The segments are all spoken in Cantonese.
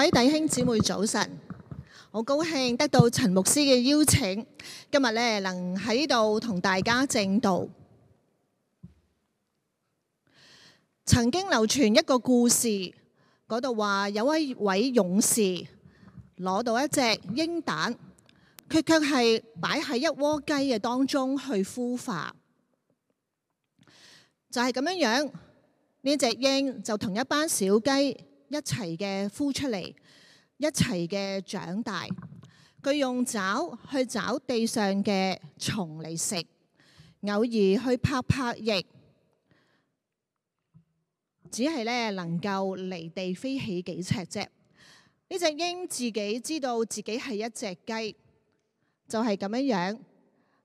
各位弟兄姊妹，早晨！好高興得到陳牧師嘅邀請，今日咧能喺呢度同大家證道。曾經流傳一個故事，嗰度話有一位勇士攞到一隻鷹蛋，佢卻係擺喺一窩雞嘅當中去孵化，就係咁樣樣。呢隻鷹就同一班小雞。一齊嘅孵出嚟，一齊嘅長大。佢用爪去抓地上嘅蟲嚟食，偶爾去拍拍翼，只係咧能夠離地飛起幾尺啫。呢隻鷹自己知道自己係一隻雞，就係咁樣樣，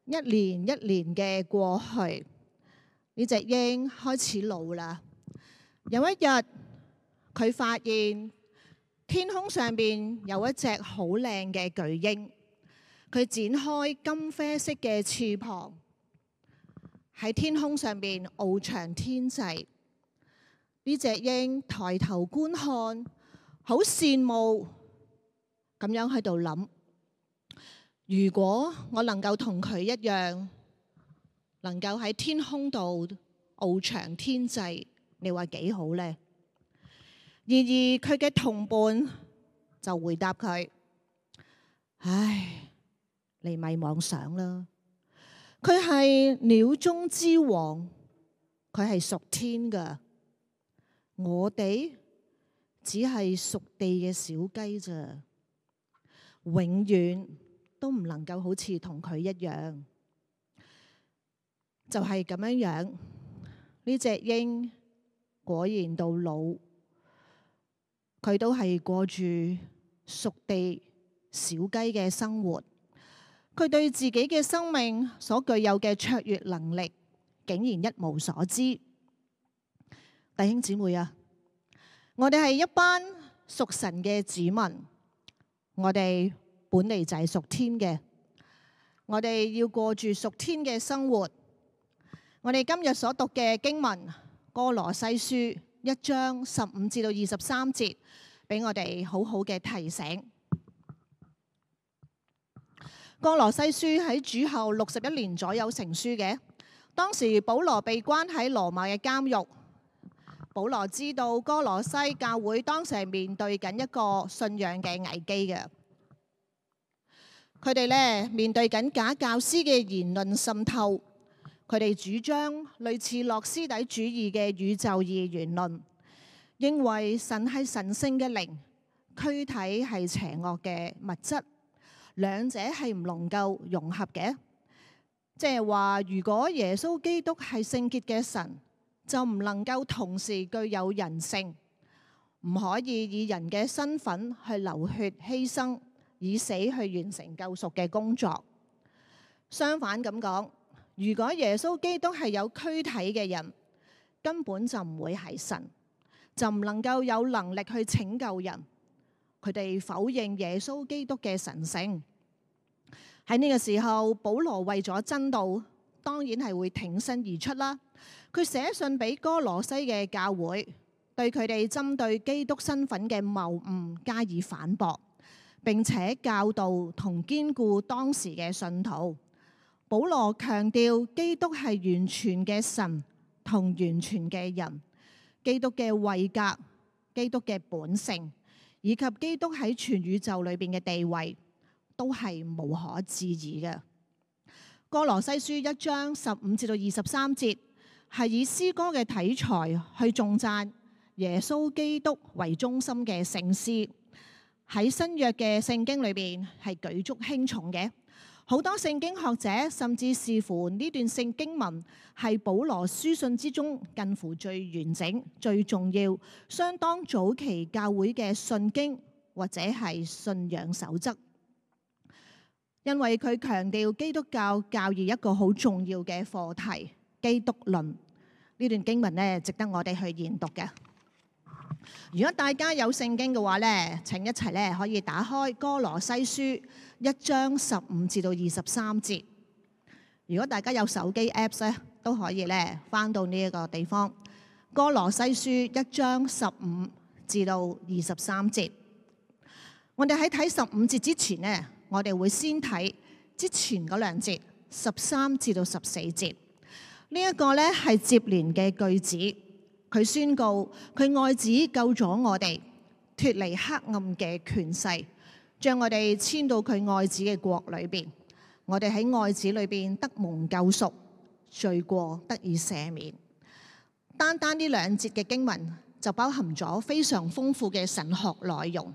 一年一年嘅過去。呢隻鷹開始老啦，有一日，佢發現天空上邊有一隻好靚嘅巨鷹，佢展開金啡色嘅翅膀，喺天空上邊翱翔天際。呢隻鷹抬頭觀看，好羨慕咁樣喺度諗：如果我能夠同佢一樣，能夠喺天空度翱翔天際，你話幾好呢？」然而佢嘅同伴就回答佢：唉，你咪妄想啦！佢係鳥中之王，佢係屬天㗎，我哋只係屬地嘅小雞咋，永遠都唔能夠好似同佢一樣，就係咁樣樣。呢隻鷹果然到老。佢都係過住屬地小雞嘅生活，佢對自己嘅生命所具有嘅卓越能力，竟然一無所知。弟兄姊妹啊，我哋係一班屬神嘅子民，我哋本嚟就係屬天嘅，我哋要過住屬天嘅生活。我哋今日所讀嘅經文《歌羅西書》一章十五至到二十三節，俾我哋好好嘅提醒。哥羅西書喺主後六十一年左右成書嘅，當時保羅被關喺羅馬嘅監獄。保羅知道哥羅西教會當時係面對緊一個信仰嘅危機嘅，佢哋咧面對緊假教師嘅言論滲透。佢哋主張類似洛斯底主義嘅宇宙二元論，認為神係神聖嘅靈，軀體係邪惡嘅物質，兩者係唔能夠融合嘅。即係話，如果耶穌基督係聖潔嘅神，就唔能夠同時具有人性，唔可以以人嘅身份去流血犧牲，以死去完成救贖嘅工作。相反咁講。如果耶穌基督係有軀體嘅人，根本就唔會係神，就唔能夠有能力去拯救人。佢哋否認耶穌基督嘅神性。喺呢個時候，保羅為咗真道，當然係會挺身而出啦。佢寫信俾歌羅西嘅教會，對佢哋針對基督身份嘅謬誤加以反駁，並且教導同堅固當時嘅信徒。保羅強調基督係完全嘅神同完全嘅人，基督嘅位格、基督嘅本性以及基督喺全宇宙裏邊嘅地位，都係無可置疑嘅。哥羅西書一章十五至到二十三節，係以詩歌嘅體裁去頌讚耶穌基督為中心嘅聖詩，喺新約嘅聖經裏邊係舉足輕重嘅。好多聖經學者甚至視乎呢段聖經文係保羅書信之中近乎最完整、最重要、相當早期教會嘅信經，或者係信仰守則，因為佢強調基督教教義一個好重要嘅課題——基督論。呢段經文咧值得我哋去研讀嘅。如果大家有聖經嘅話咧，請一齊咧可以打開《歌羅西書》一章十五至到二十三節。如果大家有手機 apps 咧，都可以咧翻到呢一個地方，《歌羅西書》一章十五至到二十三節。我哋喺睇十五節之前呢，我哋會先睇之前嗰兩節十三至到十四節。呢一個咧係接連嘅句子。佢宣告，佢愛子救咗我哋，脫離黑暗嘅權勢，將我哋遷到佢愛子嘅國裏邊。我哋喺愛子裏邊得蒙救贖，罪過得以赦免。單單呢兩節嘅經文就包含咗非常豐富嘅神學內容。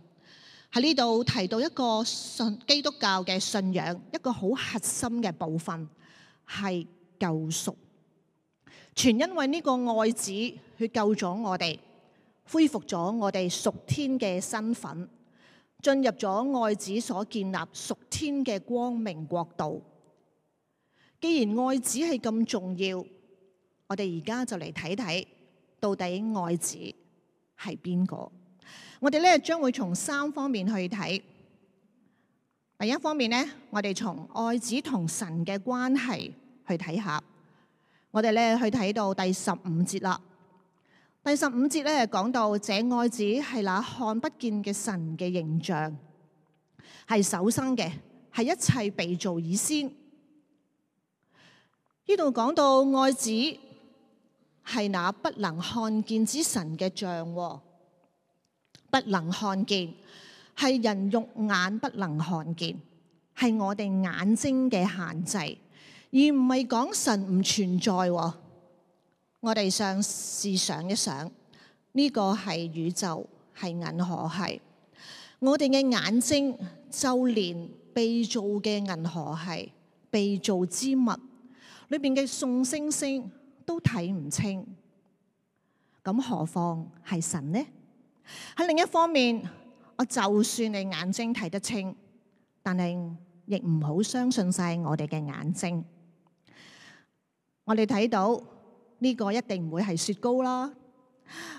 喺呢度提到一個信基督教嘅信仰，一個好核心嘅部分係救贖。全因為呢個愛子去救咗我哋，恢復咗我哋屬天嘅身份，進入咗愛子所建立屬天嘅光明國度。既然愛子係咁重要，我哋而家就嚟睇睇到底愛子係邊個。我哋咧將會從三方面去睇。第一方面呢，我哋從愛子同神嘅關係去睇下。我哋咧去睇到第十五節啦。第十五節咧講到這愛子係那看不見嘅神嘅形象，係手生首生嘅，係一切被造以先。呢度講到愛子係那不能看見之神嘅像，不能看見係人肉眼不能看見，係我哋眼睛嘅限制。而唔係講神唔存在，我哋想試想一想，呢個係宇宙，係銀河系，我哋嘅眼睛就連被造嘅銀河系被造之物，裏邊嘅眾星星都睇唔清，咁何況係神呢？喺另一方面，我就算你眼睛睇得清，但係亦唔好相信晒我哋嘅眼睛。我哋睇到呢個一定唔會係雪糕啦。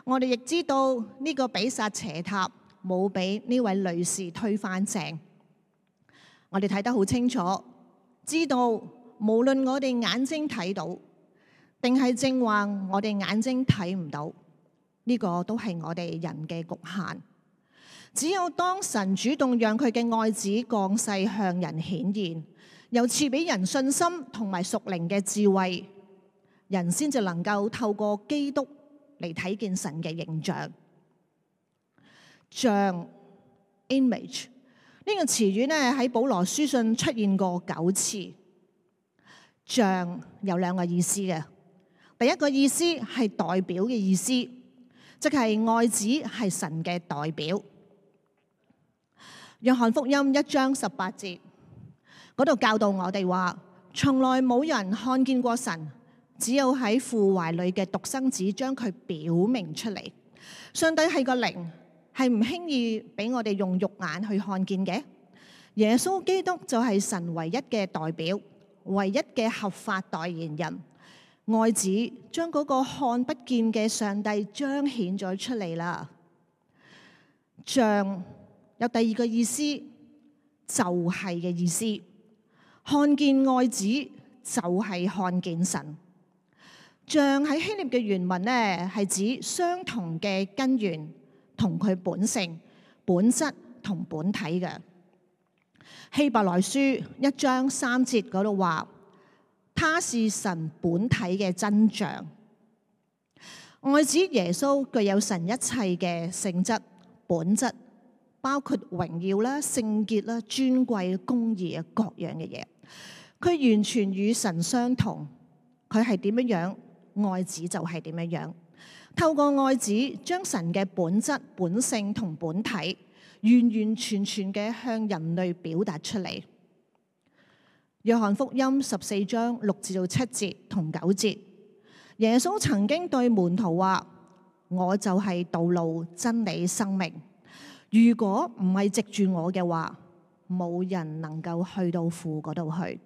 我哋亦知道呢個比薩斜塔冇俾呢位女士推返正。我哋睇得好清楚，知道無論我哋眼睛睇到，定係正話我哋眼睛睇唔到，呢個都係我哋人嘅局限。只有當神主動讓佢嘅愛子降世向人顯現，又賜俾人信心同埋屬靈嘅智慧，人先至能夠透過基督嚟睇見神嘅形象。像 image 呢個詞語呢，喺保羅書信出現過九次。像有兩個意思嘅，第一個意思係代表嘅意思，即係愛子係神嘅代表。約翰福音一章十八節。嗰度教導我哋話，從來冇人看見過神，只有喺父懷裏嘅獨生子將佢表明出嚟。上帝係個靈，係唔輕易俾我哋用肉眼去看見嘅。耶穌基督就係神唯一嘅代表，唯一嘅合法代言人。愛子將嗰個看不見嘅上帝彰顯咗出嚟啦。像有第二個意思，就係、是、嘅意思。看見愛子就係看見神。像喺希臘嘅原文呢，係指相同嘅根源同佢本性、本質同本體嘅。希伯來書一章三節嗰度話：他是神本體嘅真像。愛子耶穌具有神一切嘅性質、本質。包括榮耀啦、聖潔啦、尊貴、公義啊，各樣嘅嘢，佢完全與神相同。佢係點樣樣，愛子就係點樣樣。透過愛子，將神嘅本質、本性同本體，完完全全嘅向人類表達出嚟。約翰福音十四章六至到七節同九節，耶穌曾經對門徒話：「我就係道路、真理、生命。」如果唔係藉住我嘅話，冇人能夠去到父嗰度去。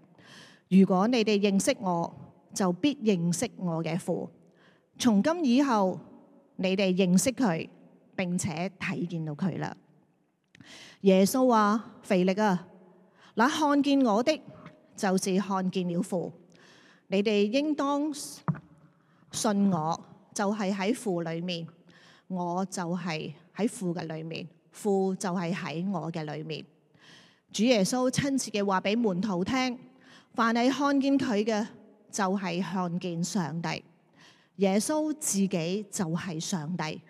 如果你哋認識我，就必認識我嘅父。從今以後，你哋認識佢，並且睇見到佢啦。耶穌話：肥力啊，嗱，看見我的就是看見了父。你哋應當信我，就係喺父裏面，我就係喺父嘅裏面。父就係喺我嘅裏面，主耶穌親切嘅話俾門徒聽：凡係看見佢嘅，就係、是、看見上帝。耶穌自己就係上帝，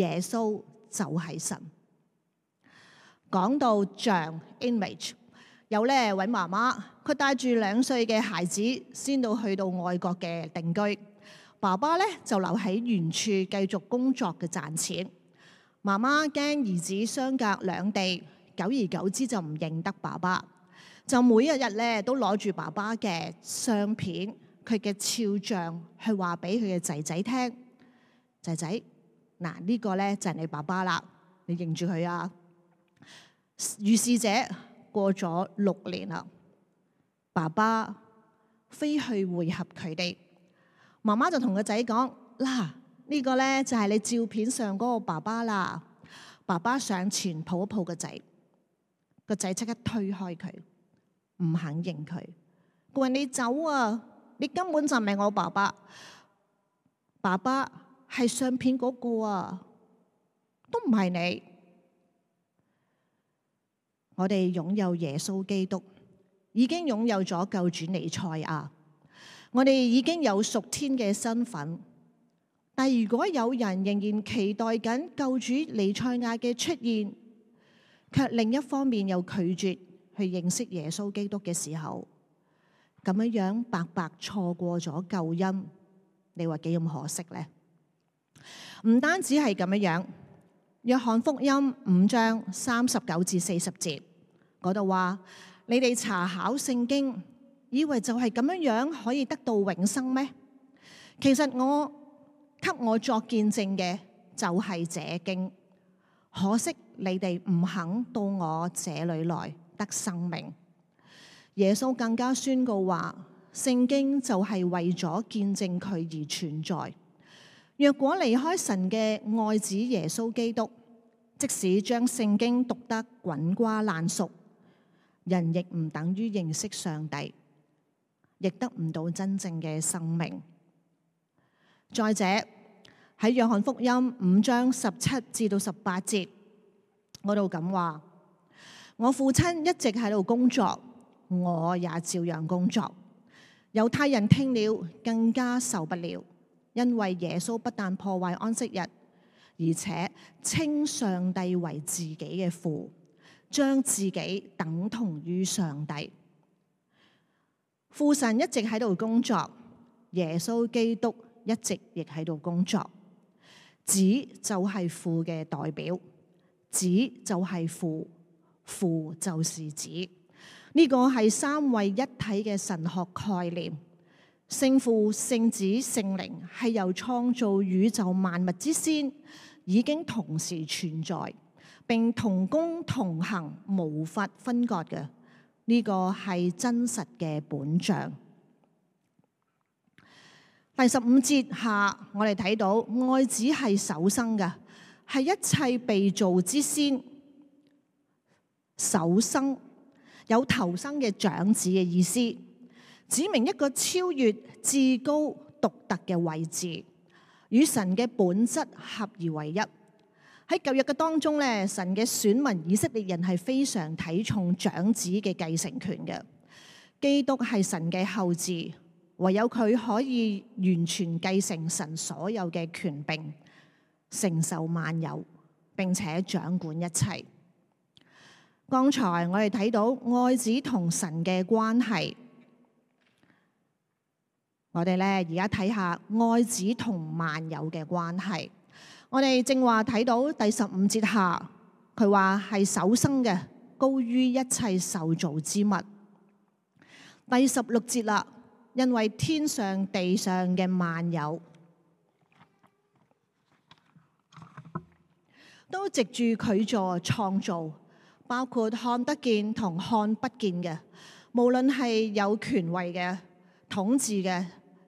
耶穌就係神。講到像 image，有呢位媽媽，佢帶住兩歲嘅孩子先到去到外國嘅定居，爸爸呢就留喺原處繼續工作嘅賺錢。媽媽驚兒子相隔兩地，久而久之就唔認得爸爸，就每一日咧都攞住爸爸嘅相片、佢嘅肖像去話俾佢嘅仔仔聽。仔仔，嗱、這、呢個咧就係你爸爸啦，你認住佢啊！於是者過咗六年啦，爸爸飛去會合佢哋，媽媽就同個仔講：嗱、啊！呢個咧就係你照片上嗰個爸爸啦，爸爸上前抱抱個仔，個仔即刻推開佢，唔肯認佢。佢話你走啊，你根本就唔係我爸爸，爸爸係相片嗰個啊，都唔係你。我哋擁有耶穌基督，已經擁有咗救主彌賽亞，我哋已經有屬天嘅身份。但如果有人仍然期待緊救主彌賽亞嘅出現，卻另一方面又拒絕去認識耶穌基督嘅時候，咁樣白白錯過咗救恩，你話幾咁可惜呢？唔單止係咁樣樣，約翰福音五章三十九至四十節嗰度話：「你哋查考聖經，以為就係咁樣樣可以得到永生咩？其實我。給我作見證嘅就係這經，可惜你哋唔肯到我這裏來得生命。耶穌更加宣告話，聖經就係為咗見證佢而存在。若果離開神嘅愛子耶穌基督，即使將聖經讀得滾瓜爛熟，人亦唔等於認識上帝，亦得唔到真正嘅生命。再者，喺約翰福音五章十七至到十八節，我度咁話：我父親一直喺度工作，我也照樣工作。猶太人聽了更加受不了，因為耶穌不但破壞安息日，而且稱上帝為自己嘅父，將自己等同於上帝。父神一直喺度工作，耶穌基督。一直亦喺度工作，子就係父嘅代表，子就係父，父就是子。呢個係三位一體嘅神學概念，聖父、聖子、聖靈係由創造宇宙萬物之先，已經同時存在，並同工同行，無法分割嘅。呢個係真實嘅本象。第十五節下，我哋睇到愛子係首生嘅，係一切被造之先，首生有頭生嘅長子嘅意思，指明一個超越至高獨特嘅位置，與神嘅本質合而為一。喺舊約嘅當中咧，神嘅選民以色列人係非常睇重長子嘅繼承權嘅。基督係神嘅後嗣。唯有佢可以完全繼承神所有嘅權柄，承受萬有，並且掌管一切。剛才我哋睇到愛子同神嘅關係，我哋咧而家睇下愛子同萬有嘅關係。我哋正話睇到第十五節下，佢話係首生嘅，高於一切受造之物。第十六節啦。因為天上地上嘅萬有都藉住佢做創造，包括看得見同看不見嘅，無論係有權位嘅、統治嘅、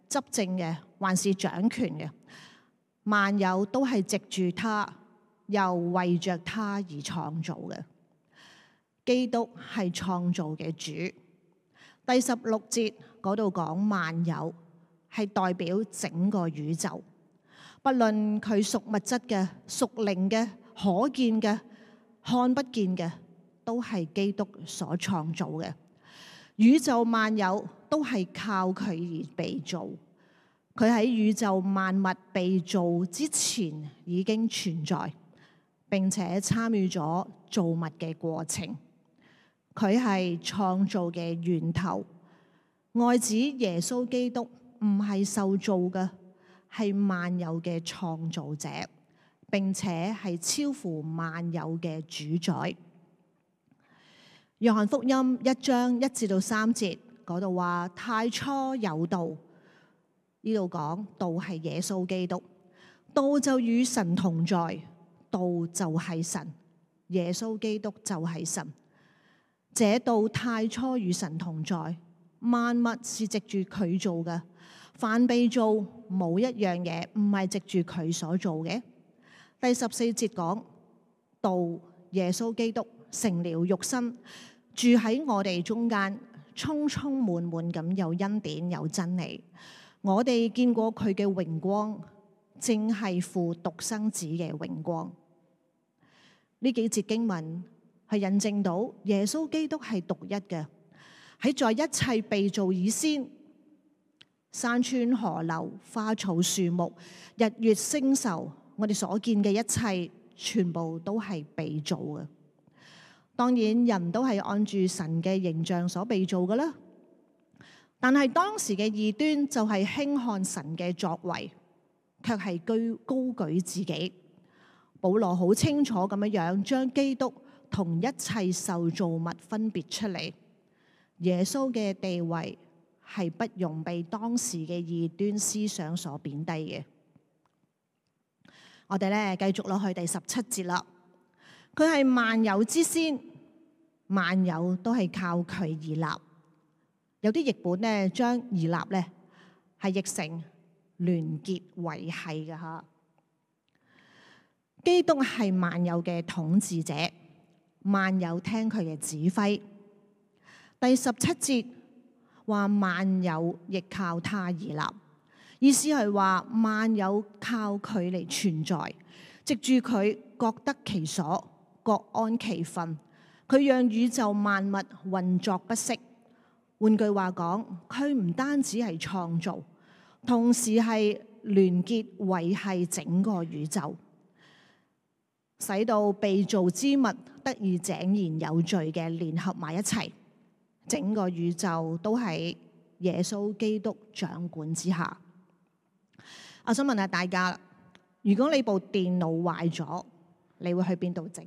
執政嘅，還是掌權嘅，萬有都係藉住他，又為着他而創造嘅。基督係創造嘅主。第十六節。嗰度講萬有係代表整個宇宙，不論佢屬物質嘅、屬靈嘅、可見嘅、看不見嘅，都係基督所創造嘅。宇宙萬有都係靠佢而被造，佢喺宇宙萬物被造之前已經存在，並且參與咗造物嘅過程。佢係創造嘅源頭。外指耶穌基督唔係受造嘅，係萬有嘅創造者，並且係超乎萬有嘅主宰。約翰福音一章一至到三節嗰度話：太初有道，呢度講道係耶穌基督，道就與神同在，道就係神，耶穌基督就係神。這道太初與神同在。萬物是藉住佢做嘅，凡被造冇一樣嘢唔係藉住佢所做嘅。第十四節講，道耶穌基督成了肉身，住喺我哋中間，充充滿滿咁有恩典有真理。我哋見過佢嘅榮光，正係父獨生子嘅榮光。呢幾節經文係印證到耶穌基督係獨一嘅。喺在一切被造以先，山川河流花草樹木日月星辰，我哋所見嘅一切，全部都係被造嘅。當然人都係按住神嘅形象所被造嘅啦。但係當時嘅異端就係輕看神嘅作為，卻係居高舉自己。保羅好清楚咁樣樣，將基督同一切受造物分別出嚟。耶穌嘅地位係不容被當時嘅異端思想所貶低嘅。我哋咧繼續落去第十七節啦。佢係萬有之先，萬有都係靠佢而立。有啲譯本咧將而立咧係譯成聯結維繫嘅吓。基督係萬有嘅統治者，萬有聽佢嘅指揮。第十七節話萬有亦靠他而立，意思係話萬有靠佢嚟存在，藉住佢各得其所，各安其分。佢讓宇宙萬物運作不息。換句話講，佢唔單止係創造，同時係聯結維繫整個宇宙，使到被造之物得以井然有序嘅聯合埋一齊。整個宇宙都喺耶穌基督掌管之下。我想問下大家，如果你部電腦壞咗，你會去邊度整？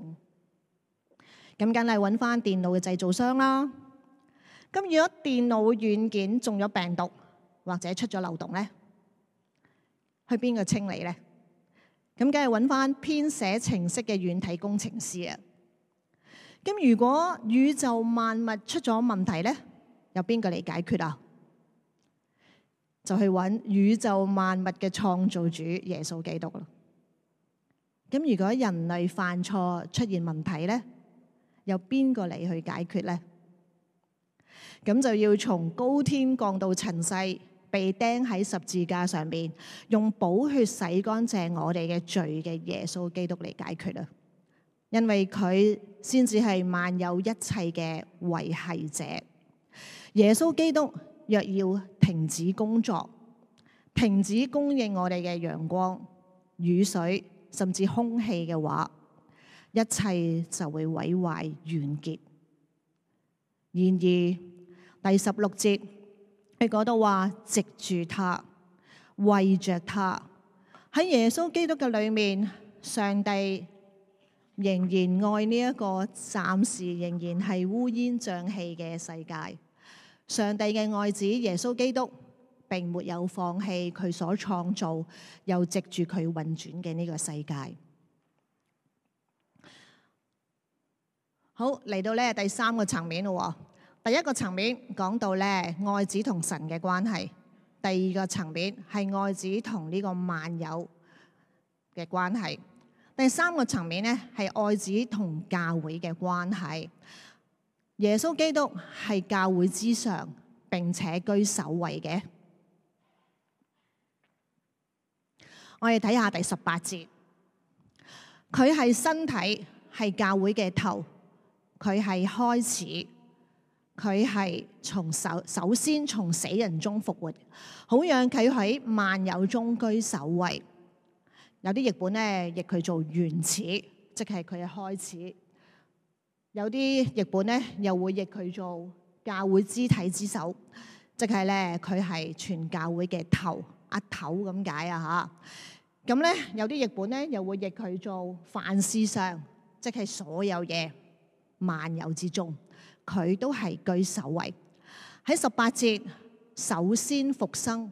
咁梗係揾翻電腦嘅製造商啦。咁如果電腦軟件中咗病毒或者出咗漏洞呢，去邊個清理呢？咁梗係揾翻編寫程式嘅軟體工程師啊！咁如果宇宙萬物出咗問題呢，有邊個嚟解決啊？就去揾宇宙萬物嘅創造主耶穌基督咯。咁如果人類犯錯出現問題呢，有邊個嚟去解決呢？咁就要從高天降到塵世，被釘喺十字架上面，用寶血洗乾淨我哋嘅罪嘅耶穌基督嚟解決啊！因為佢先至係萬有一切嘅維係者。耶穌基督若要停止工作、停止供應我哋嘅陽光、雨水甚至空氣嘅話，一切就會毀壞完結。然而第十六節你嗰度話：藉住他、為着他喺耶穌基督嘅裏面，上帝。仍然愛呢一個暫時仍然係烏煙瘴氣嘅世界，上帝嘅愛子耶穌基督並沒有放棄佢所創造又藉住佢運轉嘅呢個世界好。好嚟到呢，第三個層面咯，第一個層面講到呢愛子同神嘅關係，第二個層面係愛子同呢個萬有嘅關係。第三個層面咧，係愛子同教會嘅關係。耶穌基督係教會之上，並且居首位嘅。我哋睇下第十八節，佢係身體，係教會嘅頭，佢係開始，佢係從首首先從死人中復活，好讓佢喺萬有中居首位。有啲譯本咧譯佢做原始，即係佢嘅開始；有啲譯本咧又會譯佢做教會肢體之首，即係咧佢係全教會嘅頭阿、啊、頭咁解啊吓，咁咧，有啲譯本咧又會譯佢做凡事上，即係所有嘢萬有之中，佢都係居首位。喺十八節首先復生，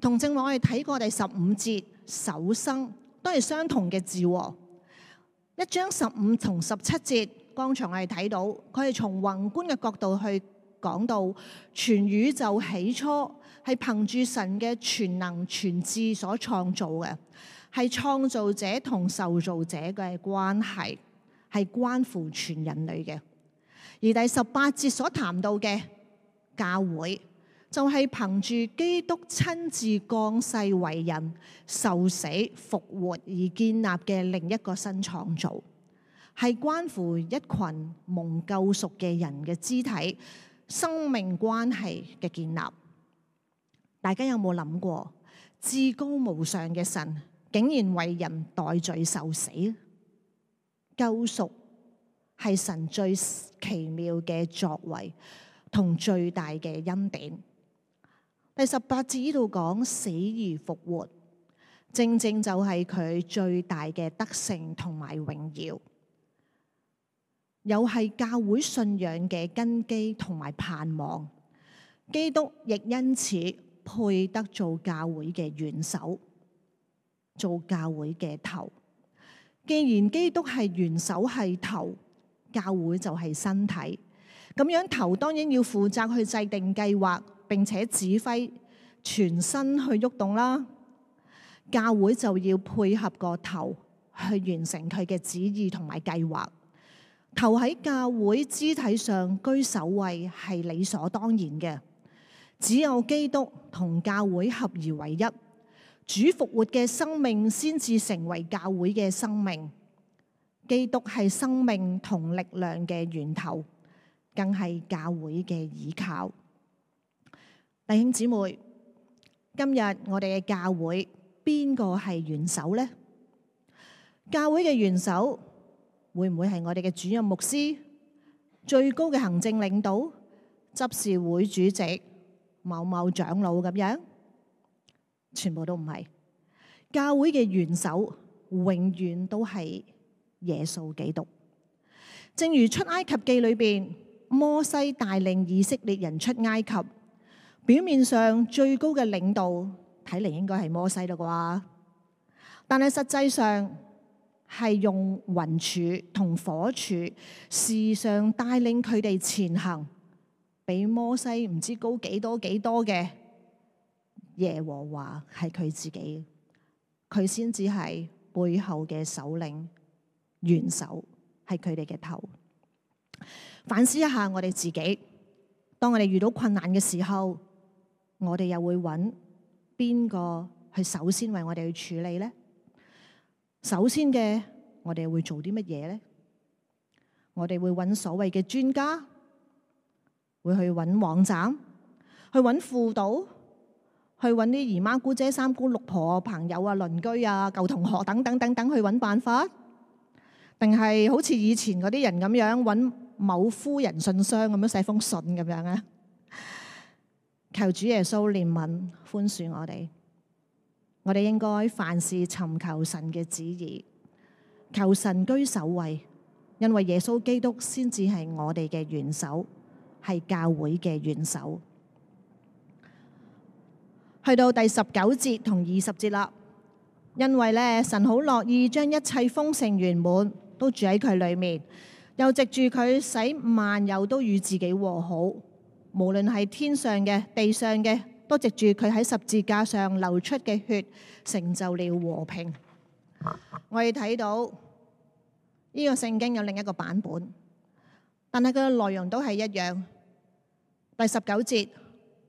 同正我哋睇過第十五節首生，都係相同嘅字喎。一章十五同十七節，剛才我哋睇到，佢係從宏觀嘅角度去講到全宇宙起初係憑住神嘅全能全智所創造嘅，係創造者同受造者嘅關係，係關乎全人類嘅。而第十八節所談到嘅教會。就係憑住基督親自降世為人、受死復活而建立嘅另一個新創造，係關乎一群蒙救贖嘅人嘅肢體生命關係嘅建立。大家有冇諗過，至高無上嘅神竟然為人代罪受死？救贖係神最奇妙嘅作為同最大嘅恩典。第十八節呢度講死而復活，正正就係佢最大嘅得勝同埋榮耀，又係教會信仰嘅根基同埋盼望。基督亦因此配得做教會嘅元首，做教會嘅頭。既然基督係元首係頭，教會就係身體。咁樣頭當然要負責去制定計劃，並且指揮全身去喐動啦。教會就要配合個頭去完成佢嘅旨意同埋計劃。頭喺教會肢體上居首位係理所當然嘅。只有基督同教會合而為一，主復活嘅生命先至成為教會嘅生命。基督係生命同力量嘅源頭。更係教會嘅倚靠。弟兄姊妹，今日我哋嘅教會邊個係元首呢？教會嘅元首會唔會係我哋嘅主任牧師、最高嘅行政領導、執事會主席、某某長老咁樣？全部都唔係。教會嘅元首永遠都係耶穌基督。正如出埃及記裏邊。摩西帶領以色列人出埃及，表面上最高嘅領導，睇嚟應該係摩西啦啩，但係實際上係用雲柱同火柱時常帶領佢哋前行，比摩西唔知高幾多幾多嘅耶和華係佢自己，佢先至係背後嘅首領元首，係佢哋嘅頭。反思一下我哋自己，當我哋遇到困難嘅時候，我哋又會揾邊個去首先為我哋去處理呢？首先嘅我哋會做啲乜嘢呢？我哋會揾所謂嘅專家，會去揾網站，去揾輔導，去揾啲姨媽姑姐、三姑六婆、朋友啊、鄰居啊、舊同學等等等等去揾辦法，定係好似以前嗰啲人咁樣揾？某夫人信箱咁樣寫封信咁樣咧，求主耶穌憐憫寬恕我哋。我哋應該凡事尋求神嘅旨意，求神居首位，因為耶穌基督先至係我哋嘅元首，係教會嘅元首。去到第十九節同二十節啦，因為咧神好樂意將一切豐盛圓滿都住喺佢裏面。又藉住佢使萬有都與自己和好，無論係天上嘅、地上嘅，都藉住佢喺十字架上流出嘅血，成就了和平。我哋睇到呢、這個聖經有另一個版本，但係佢嘅內容都係一樣。第十九節，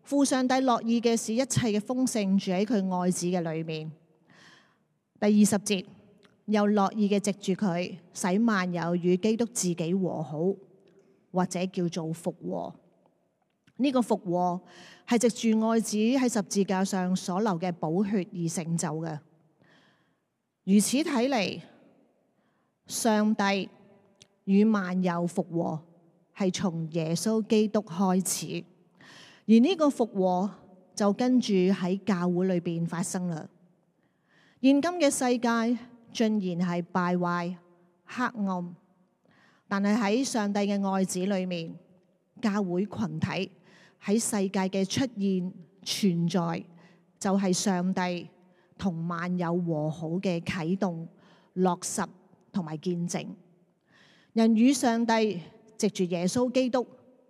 父上帝樂意嘅事，一切嘅豐盛住喺佢愛子嘅裏面。第二十節。又樂意嘅藉住佢，使萬有與基督自己和好，或者叫做複和。呢、呢個復和係藉住愛子喺十字架上所流嘅寶血而成就嘅。如此睇嚟，上帝與萬有復和係從耶穌基督開始，而呢個復和就跟住喺教會裏邊發生啦。現今嘅世界，盡然係敗壞、黑暗，但係喺上帝嘅愛子裏面，教會群體喺世界嘅出現存在，就係上帝同萬有和好嘅啟動、落實同埋見證。人與上帝藉住耶穌基督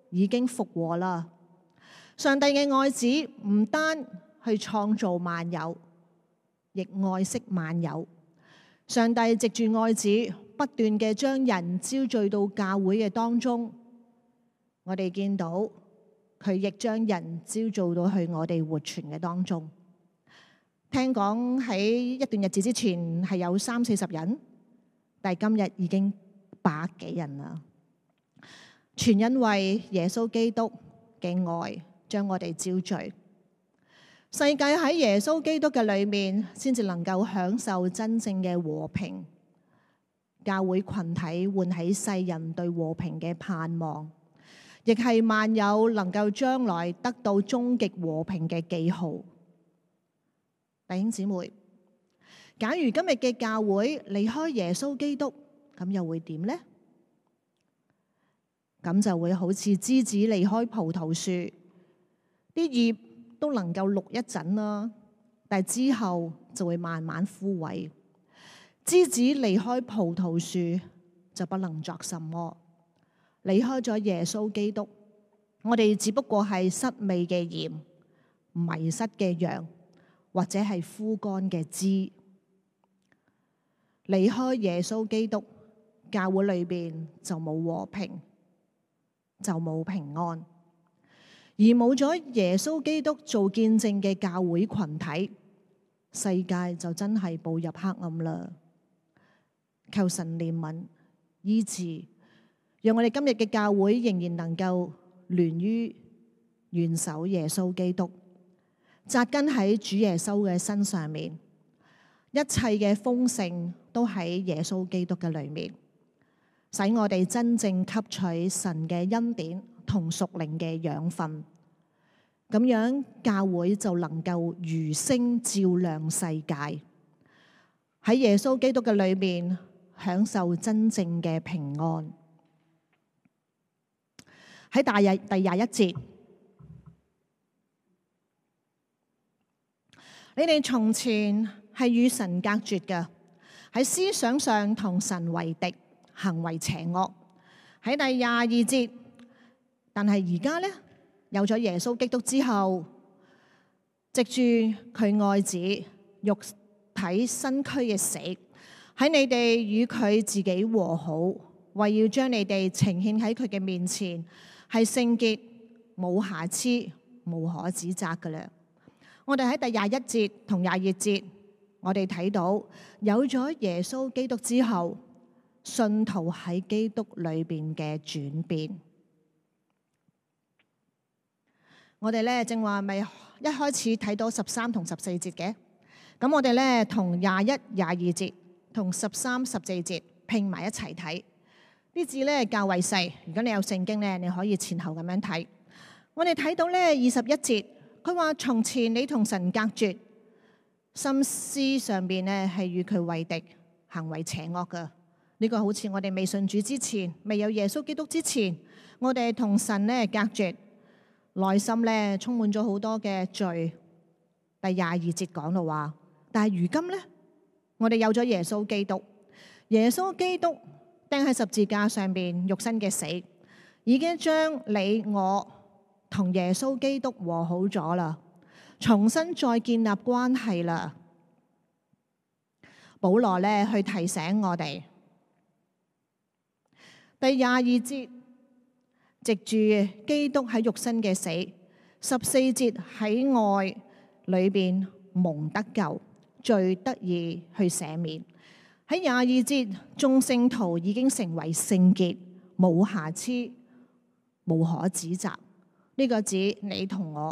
已經復和喇。上帝嘅愛子唔單去創造萬有，亦愛惜萬有。上帝藉住愛子，不斷嘅將人招聚到教會嘅當中，我哋見到佢亦將人招聚到去我哋活存嘅當中。聽講喺一段日子之前係有三四十人，但係今日已經百幾人啦，全因為耶穌基督嘅愛將我哋招聚。世界喺耶穌基督嘅裏面，先至能夠享受真正嘅和平。教會群體喚起世人對和平嘅盼望，亦係萬有能夠將來得到終極和平嘅記號。弟兄姊妹，假如今日嘅教會離開耶穌基督，咁又會點呢？咁就會好似枝子離開葡萄樹，啲葉。都能夠綠一陣啦，但之後就會慢慢枯萎。枝子離開葡萄樹就不能作什麼，離開咗耶穌基督，我哋只不過係失味嘅鹽、迷失嘅羊或者係枯乾嘅枝。離開耶穌基督，教會裏邊就冇和平，就冇平安。而冇咗耶穌基督做見證嘅教會群體，世界就真係步入黑暗啦！求神憐憫，醫治，讓我哋今日嘅教會仍然能夠聯於元首耶穌基督，紮根喺主耶穌嘅身上面，一切嘅豐盛都喺耶穌基督嘅裏面，使我哋真正吸取神嘅恩典。同屬靈嘅養分，咁樣教會就能夠如星照亮世界。喺耶穌基督嘅裏面，享受真正嘅平安。喺第廿第廿一節，你哋從前係與神隔絕嘅，喺思想上同神為敵，行為邪惡。喺第廿二節。但係而家呢，有咗耶穌基督之後，藉住佢愛子肉體身軀嘅死，喺你哋與佢自己和好，為要將你哋呈現喺佢嘅面前，係聖潔，冇瑕疵，無可指責噶啦。我哋喺第廿一節同廿二節，我哋睇到有咗耶穌基督之後，信徒喺基督裏邊嘅轉變。我哋咧正話咪一開始睇到十三同十四節嘅，咁我哋咧同廿一廿二節同十三十四節拼埋一齊睇啲字咧較為細。如果你有聖經咧，你可以前後咁樣睇。我哋睇到咧二十一節，佢話從前你同神隔絕，心思上邊咧係與佢為敵，行為邪惡噶。呢個好似我哋未信主之前，未有耶穌基督之前，我哋同神咧隔絕。內心咧充滿咗好多嘅罪。第廿二節講到話，但係如今呢，我哋有咗耶穌基督，耶穌基督釘喺十字架上邊肉身嘅死，已經將你我同耶穌基督和好咗啦，重新再建立關係啦。保羅呢去提醒我哋，第廿二節。藉住基督喺肉身嘅死，十四節喺愛裏邊蒙得救，罪得以去赦免。喺廿二節，眾聖徒已經成為聖潔，冇瑕疵，冇可指責。呢個指你同我，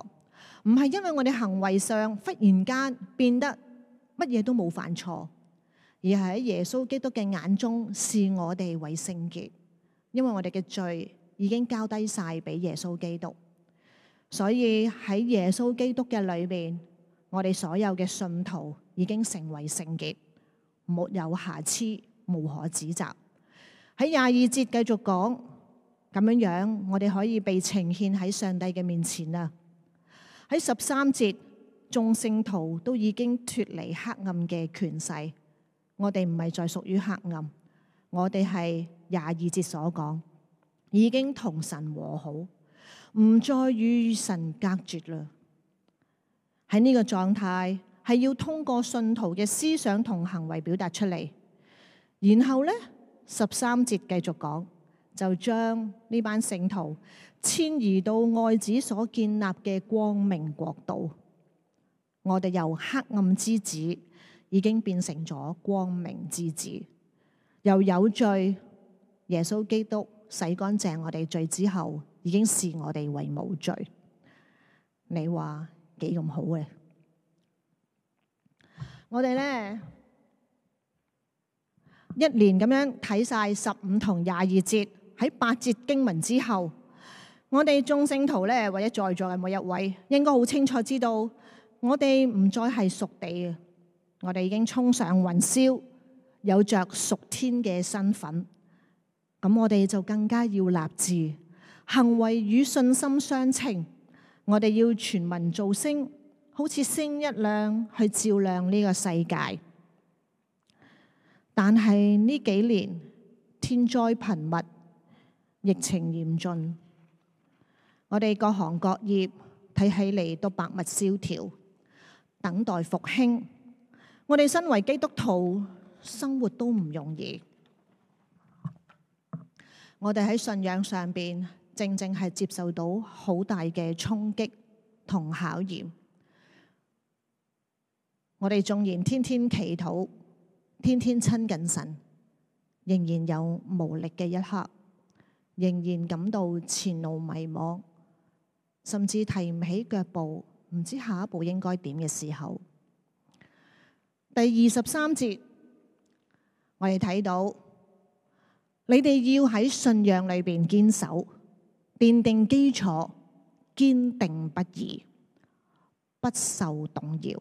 唔係因為我哋行為上忽然間變得乜嘢都冇犯錯，而係喺耶穌基督嘅眼中，視我哋為聖潔，因為我哋嘅罪。已經交低晒俾耶穌基督，所以喺耶穌基督嘅裏面，我哋所有嘅信徒已經成為聖潔，沒有瑕疵，無可指責。喺廿二節繼續講咁樣樣，我哋可以被呈獻喺上帝嘅面前啦。喺十三節，眾聖徒都已經脫離黑暗嘅權勢，我哋唔係再屬於黑暗，我哋係廿二節所講。已經同神和好，唔再與神隔絕啦。喺呢個狀態係要通過信徒嘅思想同行為表達出嚟。然後呢，十三節繼續講，就將呢班聖徒遷移到愛子所建立嘅光明國度。我哋由黑暗之子已經變成咗光明之子，又有罪耶穌基督。洗乾淨我哋罪之後，已經視我哋為無罪。你話幾咁好嘅？我哋咧一年咁樣睇晒十五同廿二節，喺八節經文之後，我哋眾聖徒咧或者在座嘅每一位，應該好清楚知道我，我哋唔再係屬地嘅，我哋已經衝上雲霄，有着屬天嘅身份。咁我哋就更加要立志，行為與信心相稱。我哋要全民做星，好似星一亮去照亮呢個世界。但係呢幾年天災頻密，疫情嚴峻，我哋各行各業睇起嚟都百物蕭條，等待復興。我哋身為基督徒，生活都唔容易。我哋喺信仰上面，正正係接受到好大嘅衝擊同考驗。我哋縱然天天祈禱，天天親近神，仍然有無力嘅一刻，仍然感到前路迷茫，甚至提唔起腳步，唔知下一步應該點嘅時候。第二十三節，我哋睇到。你哋要喺信仰裏邊堅守，奠定基礎，堅定不移，不受動搖，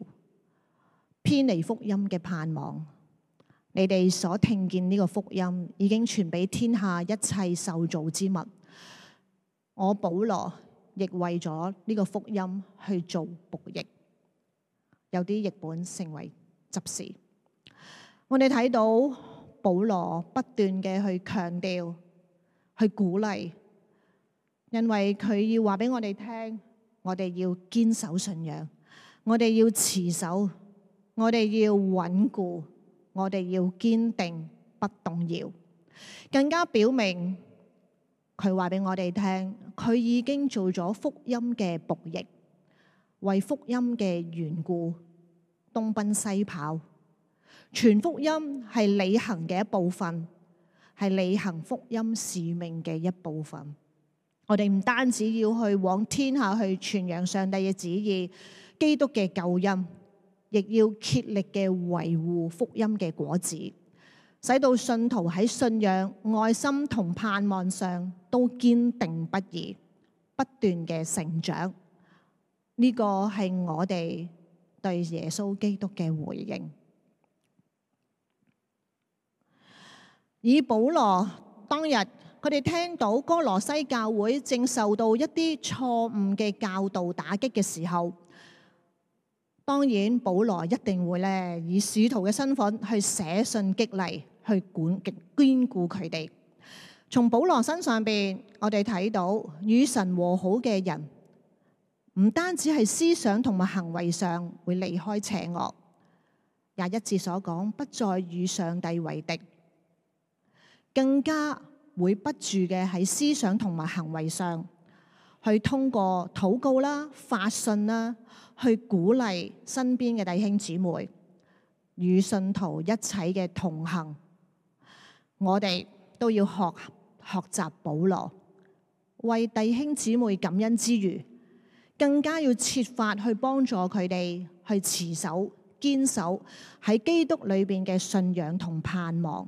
偏離福音嘅盼望。你哋所聽見呢個福音已經傳俾天下一切受造之物。我保羅亦為咗呢個福音去做僕役。有啲譯本成為執事。我哋睇到。保羅不斷嘅去強調、去鼓勵，因為佢要話俾我哋聽，我哋要堅守信仰，我哋要持守，我哋要穩固，我哋要堅定，不動搖。更加表明佢話俾我哋聽，佢已經做咗福音嘅僕役，為福音嘅緣故東奔西跑。全福音係履行嘅一部分，係履行福音使命嘅一部分。我哋唔單止要去往天下去傳揚上帝嘅旨意、基督嘅救恩，亦要竭力嘅維護福音嘅果子，使到信徒喺信仰、愛心同盼望上都堅定不移，不斷嘅成長。呢、這個係我哋對耶穌基督嘅回應。以保羅當日，佢哋聽到歌羅西教會正受到一啲錯誤嘅教導打擊嘅時候，當然保羅一定會咧以使徒嘅身份去寫信激勵，去管兼眷顧佢哋。從保羅身上邊，我哋睇到與神和好嘅人，唔單止係思想同埋行為上會離開邪惡，廿一節所講，不再與上帝為敵。更加會不住嘅喺思想同埋行為上，去通過禱告啦、發信啦，去鼓勵身邊嘅弟兄姊妹與信徒一齊嘅同行。我哋都要學學習保羅，為弟兄姊妹感恩之餘，更加要設法去幫助佢哋去持守、堅守喺基督裏邊嘅信仰同盼望。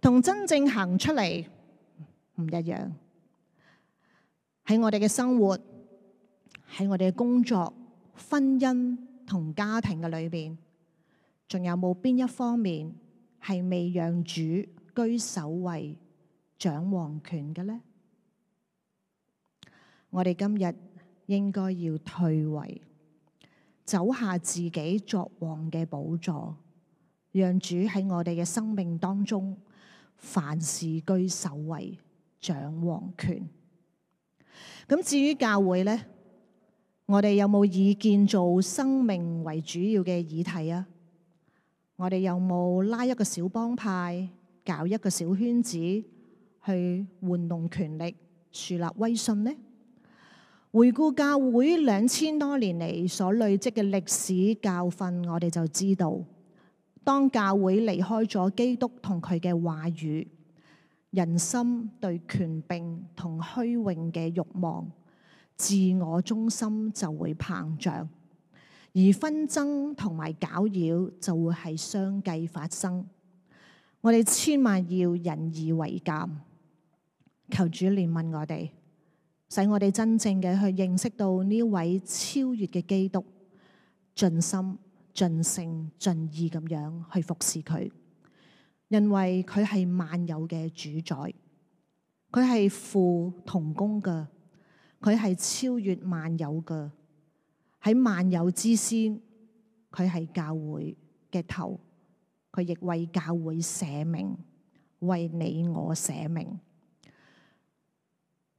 同真正行出嚟唔一樣，喺我哋嘅生活、喺我哋嘅工作、婚姻同家庭嘅裏面，仲有冇邊一方面係未讓主居首位、掌王權嘅呢？我哋今日應該要退位，走下自己作王嘅寶座，讓主喺我哋嘅生命當中。凡事居首位，掌王權。咁至於教會呢，我哋有冇以建造生命為主要嘅議題啊？我哋有冇拉一個小幫派，搞一個小圈子，去玩弄權力，樹立威信呢？回顧教會兩千多年嚟所累積嘅歷史教訓，我哋就知道。當教會離開咗基督同佢嘅話語，人心對權柄同虛榮嘅慾望，自我中心就會膨脹，而紛爭同埋攪擾就會係相繼發生。我哋千萬要引以為鑑，求主憐憫我哋，使我哋真正嘅去認識到呢位超越嘅基督，盡心，盡性盡意咁樣去服侍佢，因為佢係萬有嘅主宰，佢係父同工嘅，佢係超越萬有嘅，喺萬有之先，佢係教會嘅頭，佢亦為教會捨命，為你我捨命。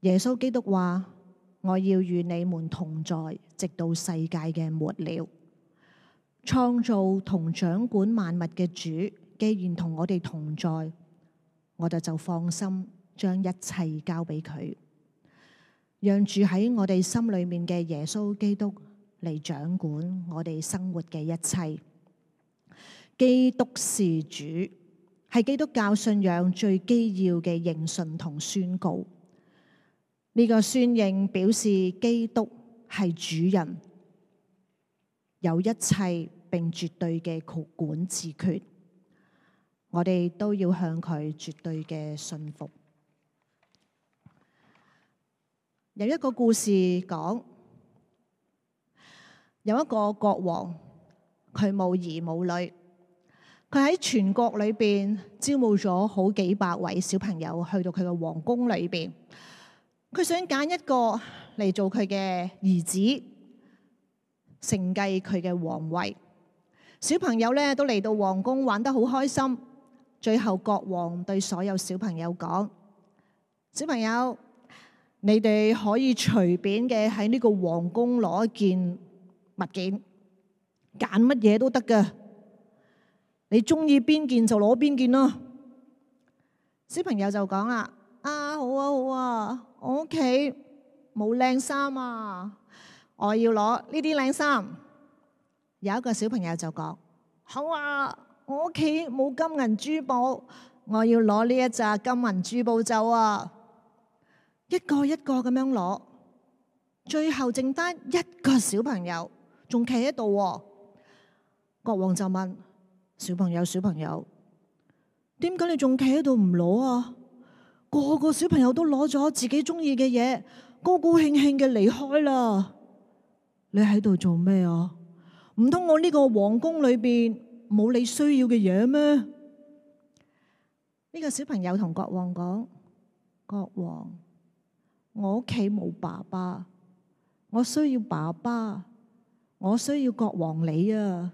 耶穌基督話：我要與你們同在，直到世界嘅末了。創造同掌管萬物嘅主，既然同我哋同在，我哋就放心將一切交俾佢，讓住喺我哋心裏面嘅耶穌基督嚟掌管我哋生活嘅一切。基督是主，係基督教信仰最基要嘅認信同宣告。呢個宣認表示基督係主人。有一切並絕對嘅權管治權，我哋都要向佢絕對嘅信服。有一個故事講，有一個國王，佢冇兒冇女，佢喺全國裏邊招募咗好幾百位小朋友去到佢嘅皇宮裏邊，佢想揀一個嚟做佢嘅兒子。承繼佢嘅皇位，小朋友咧，都嚟到皇宮玩得好開心。最後國王對所有小朋友講：小朋友，你哋可以隨便嘅喺呢個皇宮攞一件物件，揀乜嘢都得㗎。你中意邊件就攞邊件咯。小朋友就講啦：啊，好啊，好啊，我屋企冇靚衫啊。我要攞呢啲靚衫。有一個小朋友就講：好啊，我屋企冇金銀珠寶，我要攞呢一紮金銀珠寶就啊！一個一個咁樣攞，最後剩返一個小朋友仲企喺度。國王就問：小朋友，小朋友，點解你仲企喺度唔攞啊？個個小朋友都攞咗自己中意嘅嘢，高高興興嘅離開啦。你喺度做咩啊？唔通我呢個皇宮裏邊冇你需要嘅嘢咩？呢個小朋友同國王講：國王，我屋企冇爸爸，我需要爸爸，我需要國王你啊！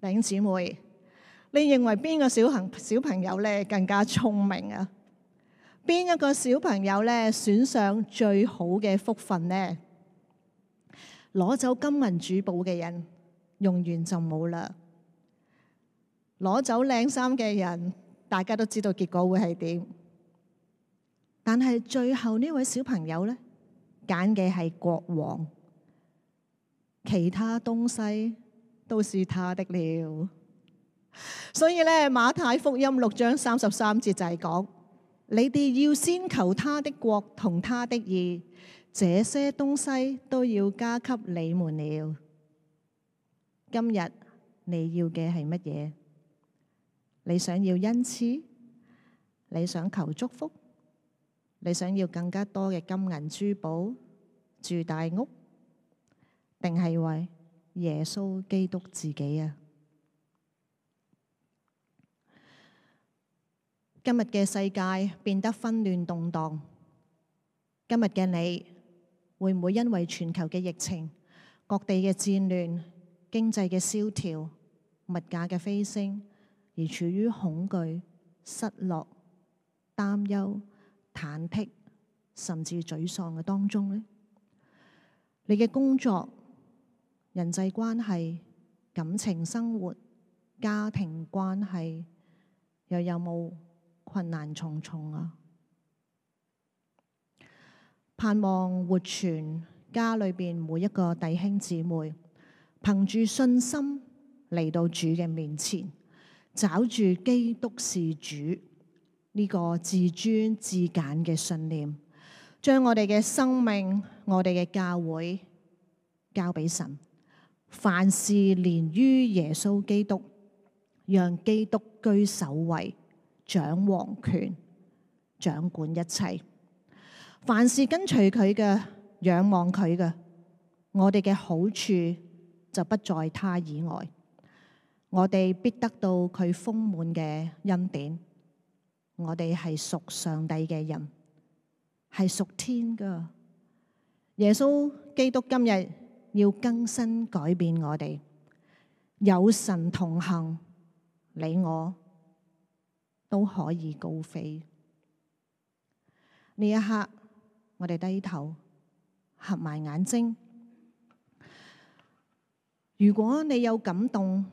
弟兄姊妹，你認為邊個小朋小朋友咧更加聰明啊？邊一個小朋友咧選上最好嘅福分呢？」攞走金銀珠寶嘅人，用完就冇啦。攞走靚衫嘅人，大家都知道結果會係點。但係最後呢位小朋友咧，揀嘅係國王，其他東西都是他的了。所以咧，馬太福音六章三十三節就係講：你哋要先求他的國同他的義。」這些東西都要加給你們了。今日你要嘅係乜嘢？你想要恩賜？你想求祝福？你想要更加多嘅金銀珠寶、住大屋？定係為耶穌基督自己啊？今日嘅世界變得紛亂動蕩，今日嘅你，會唔會因為全球嘅疫情、各地嘅戰亂、經濟嘅蕭條、物價嘅飛升，而處於恐懼、失落、擔憂、忐忑，甚至沮喪嘅當中呢？你嘅工作、人際關係、感情生活、家庭關係，又有冇困難重重啊？盼望活存，家裏邊每一個弟兄姊妹，憑住信心嚟到主嘅面前，找住基督是主呢個自尊自簡嘅信念，將我哋嘅生命、我哋嘅教會交俾神，凡事連於耶穌基督，讓基督居首位，掌王權，掌管一切。凡事跟隨佢嘅、仰望佢嘅，我哋嘅好處就不在他以外。我哋必得到佢豐滿嘅恩典。我哋係屬上帝嘅人，係屬天㗎。耶穌基督今日要更新改變我哋，有神同行，你我都可以高飛。呢一刻。我哋低頭，合埋眼睛。如果你有感動，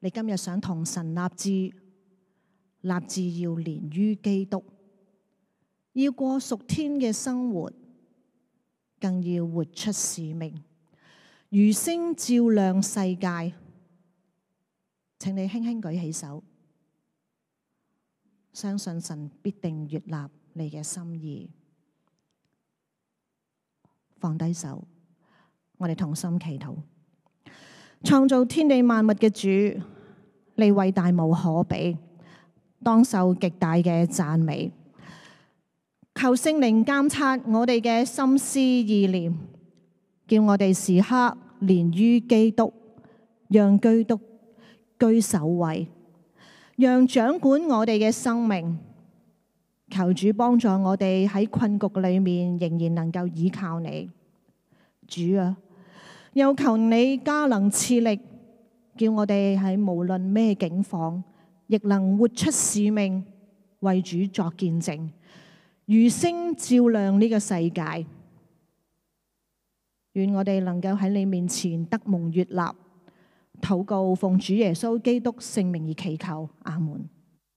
你今日想同神立志，立志要連於基督，要過屬天嘅生活，更要活出使命，如星照亮世界。請你輕輕舉起手，相信神必定悦納你嘅心意。放低手，我哋同心祈禱。創造天地萬物嘅主，你偉大無可比，當受極大嘅讚美。求聖靈監察我哋嘅心思意念，叫我哋時刻連於基督，讓基督居首位，讓掌管我哋嘅生命。求主幫助我哋喺困局裏面，仍然能夠倚靠你，主啊！又求你加能賜力，叫我哋喺無論咩境況，亦能活出使命，為主作見證，如星照亮呢個世界。願我哋能夠喺你面前得蒙悅納，禱告奉主耶穌基督聖名而祈求，阿門。